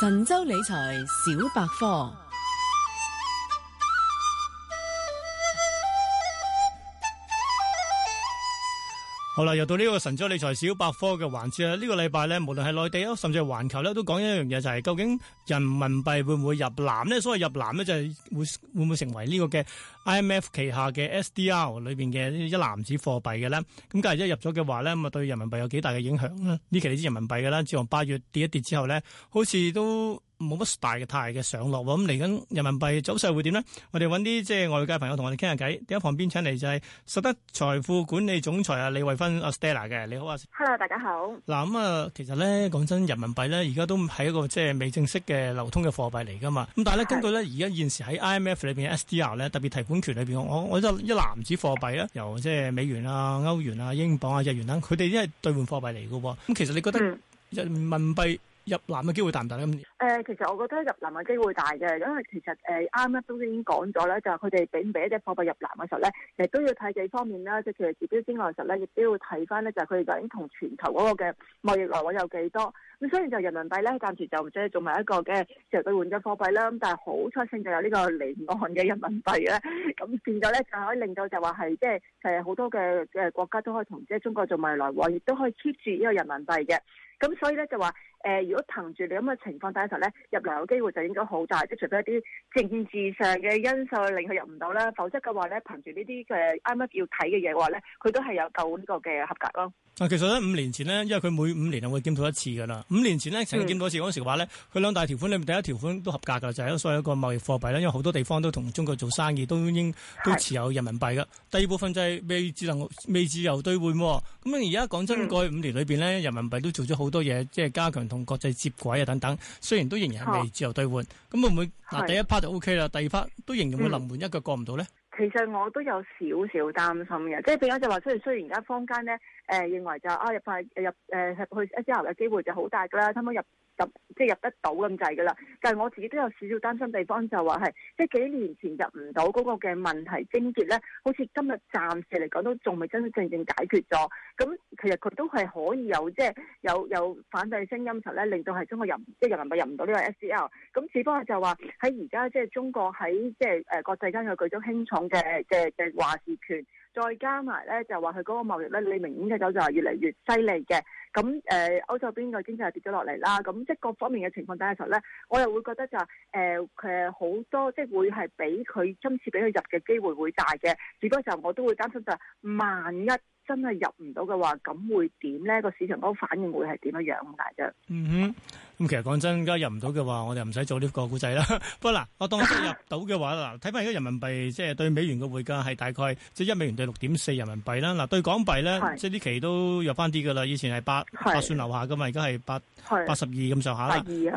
神州理財小百科。好啦，又到呢個神州理財小百科嘅環節啦。呢個禮拜咧，無論係內地啊，甚至係環球咧，都講一樣嘢，就係究竟人民幣會唔會入籃呢？所謂入籃呢，就係會會唔會成為呢個嘅 IMF 旗下嘅 SDR 裏邊嘅一籃子貨幣嘅咧？咁假如一入咗嘅話咧，咁啊對人民幣有幾大嘅影響？呢期你知人民幣嘅啦，自從八月跌一跌之後咧，好似都。冇乜大嘅嘅上落喎，咁嚟緊人民幣走勢會點呢？我哋搵啲即係外界朋友同我哋傾下偈。喺旁邊請嚟就係實德財富管理總裁啊李慧芬阿 Stella 嘅，你好啊！Hello，大家好。嗱咁啊，其實咧講真，人民幣咧而家都係一個即係未正式嘅流通嘅貨幣嚟噶嘛。咁但係咧，根據咧而家現時喺 IMF 裏邊 SDR 咧，特別提款權裏邊，我我覺得一籃子貨幣咧，由即係美元啊、歐元啊、英鎊啊、日元等，佢哋都係兌換貨幣嚟噶。咁其實你覺得人民幣？入籃嘅機會大唔大咧？今、呃、其實我覺得入籃嘅機會大嘅，因為其實誒啱啱都已經講咗咧，就係佢哋俾唔俾一隻貨幣入籃嘅時候咧，其實都要睇幾方面啦。即係除咗指標之外，嘅時候咧亦都要睇翻咧，就係佢哋究竟同全球嗰個嘅貿易來往有幾多。咁所以就人民幣咧，暫時就唔再做埋一個嘅實際兌換咗貨幣啦。咁但係好出性就有呢個離岸嘅人民幣咧，咁變咗咧就可以令到就話係即係誒好多嘅誒國家都可以同即係中國做埋來往，亦都可以 keep 住呢個人民幣嘅。咁所以咧就話，誒、呃，如果憑住你咁嘅情況底下頭咧，入嚟嘅機會就應該好大，即係除非一啲政治上嘅因素令佢入唔到啦，否則嘅話咧，憑住呢啲嘅啱啱要睇嘅嘢嘅話咧，佢都係有夠呢個嘅合格咯。其實咧五年前呢，因為佢每五年啊會檢討一次㗎啦。五年前呢，曾經檢討一次嗰時嘅話咧，佢兩大條款裡面第一條款都合格㗎，就係所有個貿易貨幣啦。因為好多地方都同中國做生意，都應都持有人民幣㗎。第二部分就係未能未自由兌換。咁而家講真，過去五年裏面呢，嗯、人民幣都做咗好多嘢，即係加強同國際接軌啊等等。雖然都仍然係未自由兌換，咁、啊、會唔會嗱是第一 part 就 OK 啦，第二 part 都仍然會臨門一腳過唔到呢？其實我都有少少擔心嘅，即係變咗就話，雖雖然而家坊間咧，誒、呃、認為就啊入快、啊、入誒、啊、去一之後嘅機會就好大㗎啦，差唔多入。入即係入得到咁滯㗎啦，但係我自己都有少少擔心地方就話係，即係幾年前入唔到嗰個嘅問題症結咧，好似今日暫時嚟講都仲未真真正正解決咗。咁其實佢都係可以有即係有有反對聲音時候咧，令到係中國入即、即係、人民幣入唔到呢個 SDR。咁只不過就話喺而家即係中國喺即係誒國際間有舉足輕重嘅嘅嘅話事權。再加埋咧，就話佢嗰個貿易咧，你明顯嘅走就係越嚟越犀利嘅。咁誒、呃，歐洲邊個經濟係跌咗落嚟啦？咁即係各方面嘅情況底下頭咧，我又會覺得就誒誒好多，即、就、係、是、會係俾佢今次俾佢入嘅機會會大嘅。只不過就我都會擔心就係萬一真係入唔到嘅話，咁會點咧？個市場嗰個反應會係點樣樣咁大啫。嗯哼、mm。Hmm. 咁其實講真，而家入唔到嘅話，我就唔使做呢個估計啦。不過嗱，我當入到嘅話嗱睇翻而家人民幣即係對美元嘅匯價係大概即係一美元對六點四人民幣啦。嗱，對港幣咧，即係呢期都入翻啲嘅啦。以前係八八算樓下嘅嘛，而家係八八十二咁上下啦。你覺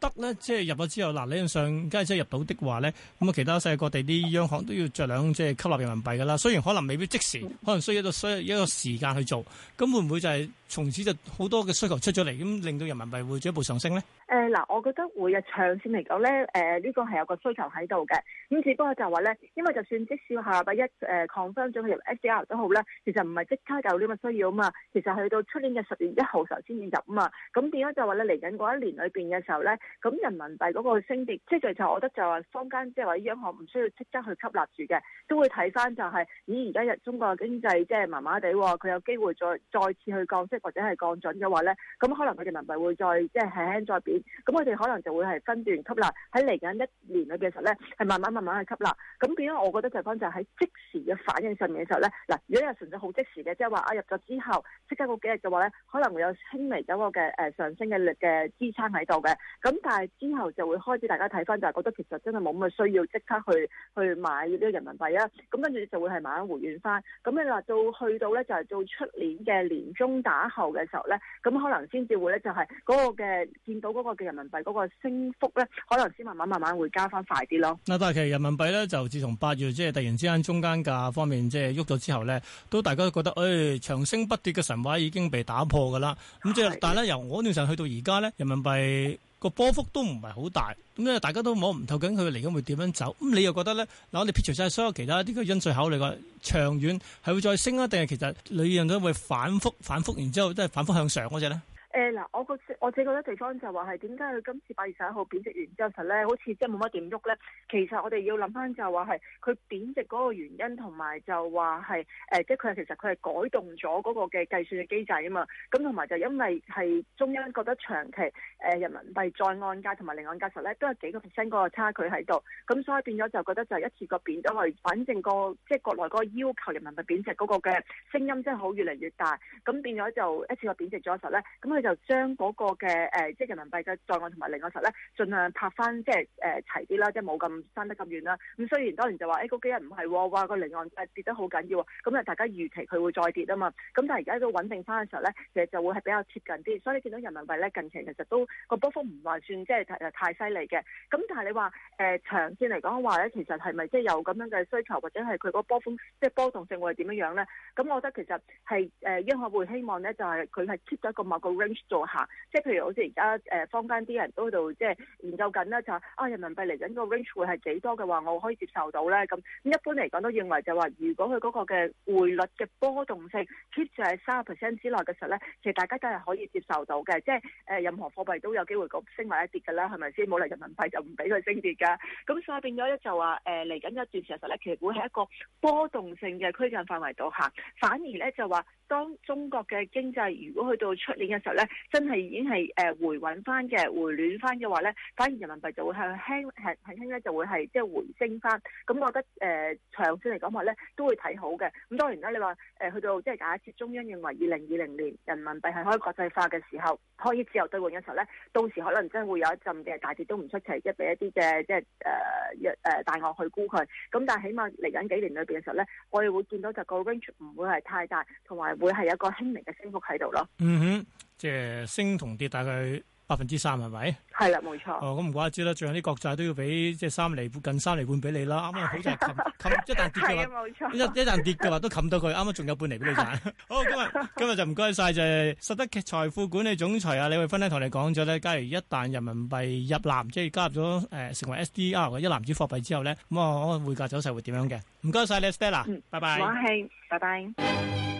得咧，即係入咗之後，嗱，理論上，而家即係入到的話咧，咁啊，其他世界各地啲央行都要着兩即係吸納人民幣㗎啦。雖然可能未必即時，可能需要一個需要一個時間去做。咁、嗯、會唔會就係從此就好多嘅需求出咗嚟，咁令到人民幣會進一步上升呢？誒嗱、呃，我覺得每日長線嚟講咧，誒、呃、呢、這個係有個需求喺度嘅。咁只不過就話咧，因為就算即使下擺一誒 confirm 咗佢入 SDR 都好咧，其實唔係即刻有呢個需要啊嘛。其實去到出年嘅十月一號時候先至入啊嘛。咁變咗就話咧，嚟緊嗰一年裏邊嘅時候咧，咁人民幣嗰個升跌，即係就是、我覺得就話坊間即係話央行唔需要即刻去吸納住嘅，都會睇翻就係、是、咦而家日中國經濟即係麻麻地喎，佢有機會再再次去降息或者係降準嘅話咧，咁可能佢人民幣會再即係、就是、輕輕再貶。咁佢哋可能就會係分段吸納喺嚟緊一年裏邊嘅時候咧，係慢慢慢慢去吸納。咁變咗，我覺得就係講就係喺即時嘅反應上面嘅時候咧，嗱，如果又純粹好即時嘅，即係話啊入咗之後，即刻嗰幾日就話咧，可能會有輕微咗個嘅誒上升嘅力嘅支撐喺度嘅。咁但係之後就會開始大家睇翻就係覺得其實真係冇乜需要即刻去去買呢個人民幣啊。咁跟住就會係慢慢回軟翻。咁你嗱，到去到咧就係到出年嘅年中打後嘅時候咧，咁可能先至會咧就係嗰個嘅見到嗰個。嘅人民幣嗰個升幅咧，可能先慢慢慢慢會加翻快啲咯。嗱，但係其實人民幣咧，就自從八月即係突然之間中間價方面即係喐咗之後咧，都大家都覺得誒、哎、長升不跌嘅神話已經被打破㗎啦。咁即係，但係咧由我嗰段時間去到而家咧，人民幣個波幅都唔係好大。咁咧大家都摸唔透緊佢嚟緊會點樣走。咁你又覺得咧？嗱，我哋撇除晒所有其他啲嘅因素考慮嘅，長遠係會再升啊？定係其實類型都會反覆反覆，然之後即係反覆向上嗰隻咧？誒嗱、欸，我個我只覺得地方就話係點解佢今次八月十一號貶值完之後實咧，好似即係冇乜點喐咧，其實我哋要諗返就話係佢貶值嗰個原因，同埋就話係誒，即係佢係其實佢係改動咗嗰個嘅計算嘅機制啊嘛。咁同埋就因為係中央覺得長期誒人民幣在岸價同埋離岸價實咧，都係幾個 percent 嗰個差距喺度。咁所以變咗就覺得就一次過貶，因為反正、那個即係、就是、國內嗰個要求人民幣貶值嗰個嘅聲音真係好越嚟越大。咁變咗就一次過貶值咗實咧，咁就將嗰個嘅誒，即、就、係、是、人民幣嘅在岸同埋離岸實咧，盡量拍翻即係誒齊啲啦，即係冇咁生得咁遠啦。咁雖然當然就話誒嗰幾日唔係喎，話個離岸誒跌得好緊要，咁啊大家預期佢會再跌啊嘛。咁但係而家都穩定翻嘅時候咧，其實就會係比較貼近啲。所以你見到人民幣咧，近期其實都個波幅唔話算即係太太犀利嘅。咁但係你話誒、呃、長線嚟講話咧，其實係咪即係有咁樣嘅需求，或者係佢個波幅即係波動性會係點樣樣咧？咁我覺得其實係誒央行會希望咧，就係佢係 keep 咗一個某個做行，即係譬如好似而家誒，坊間啲人都喺度即係研究緊啦，就話啊，人民幣嚟緊個 range 會係幾多嘅話，我可以接受到咧。咁咁一般嚟講都認為就話，如果佢嗰個嘅匯率嘅波動性 keep 住喺三十 percent 之內嘅時候咧，其實大家都係可以接受到嘅。即係誒，任何貨幣都有機會個升或一跌㗎啦，係咪先？冇嚟人民幣就唔俾佢升跌㗎。咁所以變咗咧就話誒，嚟緊一段時間咧，其實會係一個波動性嘅區間範圍度行，反而咧就話。當中國嘅經濟如果去到出年嘅時候咧，真係已經係誒回穩翻嘅、回暖翻嘅話咧，反而人民幣就會向輕，輕輕輕咧就會係即係回升翻。咁我覺得誒、呃、長線嚟講話咧都會睇好嘅。咁當然啦，你話誒去到即係假設中央認為二零二零年人民幣可以國際化嘅時候，可以自由兌換嘅時候咧，到時可能真係會有一陣嘅大跌都唔出奇，即係俾一啲嘅即係誒誒大鱷去沽佢。咁但係起碼嚟緊幾年裏邊嘅時候咧，我哋會見到就個 range 唔會係太大，同埋。會係一個輕微嘅升幅喺度咯。嗯哼，即係升同跌大概百分之三係咪？係啦，冇錯。哦，咁唔怪之啦，仲有啲國債都要俾即係三釐，近三釐半俾你啦。啱啱好就係冚冚，一旦跌嘅話，一一旦跌嘅話都冚到佢。啱啱仲有半釐俾你賺。好，今日今日就唔該曬，就係實德財富管理總裁阿李慧芬咧，同你講咗咧，假如一旦人民幣入籃，即係加入咗誒成為 SDR 嘅一籃子貨幣之後咧，咁啊匯價走勢會點樣嘅？唔該曬，你 Stella，嗯，拜拜。我係，拜拜。